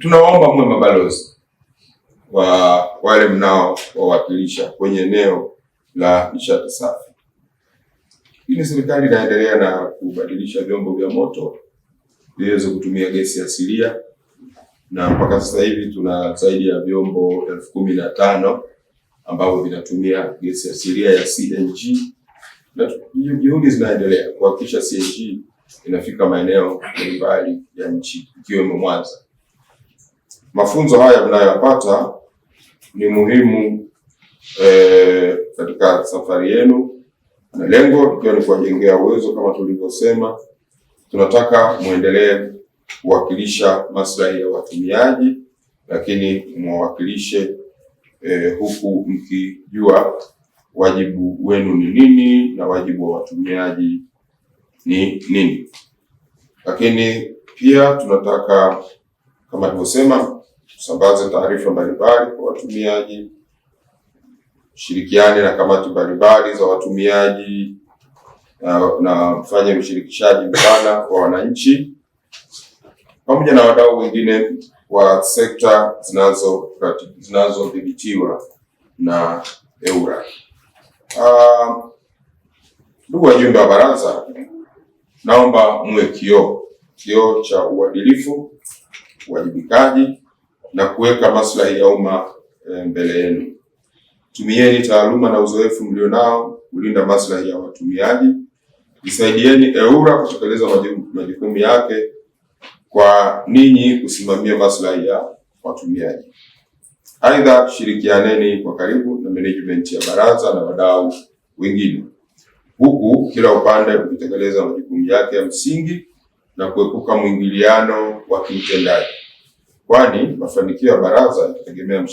tunaomba mwe mabalozi wa wale mnao wawakilisha kwenye eneo la nishati safi. Ili serikali inaendelea na kubadilisha vyombo vya moto viweze kutumia gesi asilia, na mpaka sasa hivi tuna zaidi ya vyombo elfu kumi na tano ambavyo vinatumia gesi asilia ya CNG na juhudi zinaendelea kuhakikisha CNG inafika maeneo mbalimbali ya nchi ikiwemo Mwanza mafunzo haya mnayoyapata ni muhimu e, katika safari yenu, na lengo ikiwa ni kuwajengea uwezo. Kama tulivyosema, tunataka muendelee kuwakilisha maslahi ya watumiaji, lakini mwawakilishe e, huku mkijua wajibu wenu ni nini na wajibu wa watumiaji ni nini. Lakini pia tunataka kama tulivyosema tusambaze taarifa mbalimbali kwa watumiaji, shirikiane na kamati mbalimbali za watumiaji na, na mfanye ushirikishaji mpana kwa wananchi pamoja na wadau wengine wa sekta zinazodhibitiwa na EWURA. Ah, ndugu wajumbe wa baraza, naomba muwe kioo kioo cha uadilifu, uwajibikaji na kuweka maslahi ya umma eh, mbele yenu. Tumieni taaluma na uzoefu mlionao kulinda maslahi ya watumiaji. Isaidieni EWURA kutekeleza majukumu yake kwa ninyi kusimamia maslahi ya watumiaji. Aidha, shirikianeni kwa karibu na management ya baraza na wadau wengine, huku kila upande ukitekeleza majukumu yake ya msingi na kuepuka mwingiliano wa kiutendaji kwani mafanikio ya Baraza yatategemea